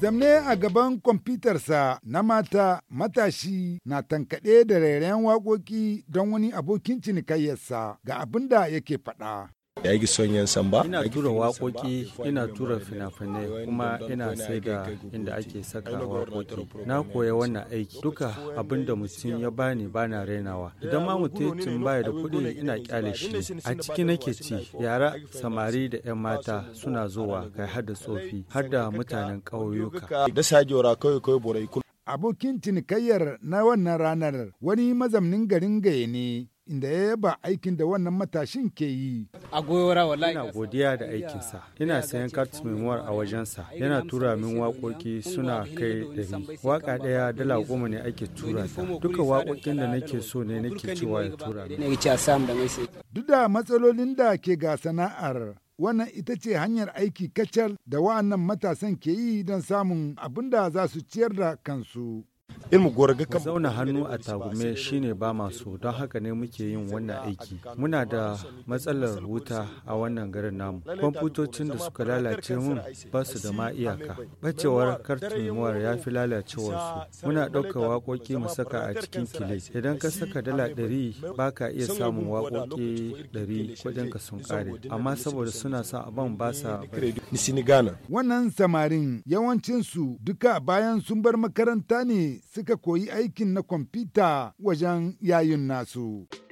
Zamne a gaban kwamfutarsa na mata matashi na tankaɗe da rairayen waƙoƙi don wani abokin cinikayyarsa ga abin da yake faɗa. son Ina tura waƙoƙi, ina tura fina-finai kuma ina sai da inda ake saka waƙoƙi. Na koya wannan aiki duka abin da mutum ya bani bana rainawa. Idan ma mutum baya da kuɗi ina kyale shi. A ciki nake ci yara samari da 'yan mata suna zuwa kai har da tsofi har da mutanen ƙauyuka. abokin tinikayyar na wannan ranar wani mazamnin garin gaye ne inda ya yaba aikin da wannan matashin ke yi. A goyora wallahi. Ina godiya da aikinsa. Ina sayan kartis memoir a wajensa. Yana tura min waƙoƙi suna kai da ni. Waƙa ɗaya dala goma ne ake tura ta. Duka waƙoƙin da nake so ne nake cewa ya tura Duk da matsalolin da ke ga sana'ar wannan ita ce hanyar aiki kacal da wa'annan matasan ke yi don samun abin da za su ciyar da kansu. ilmu kan zauna hannu a tagume shine ba masu don haka ne muke yin wannan aiki muna da matsalar wuta a wannan garin namu kwamfutocin da suka lalace mun ba su da ma iyaka bacewar muwar ya fi lalacewar su muna ɗaukar waƙoƙi mu saka a cikin kile idan ka saka dala ɗari ba ka iya samun waƙoƙi ɗari kuɗin ka sun ƙare amma saboda suna sa a ba sa wannan samarin yawancinsu duka bayan sun bar makaranta ne suka koyi aikin na kwamfuta wajen yayin nasu.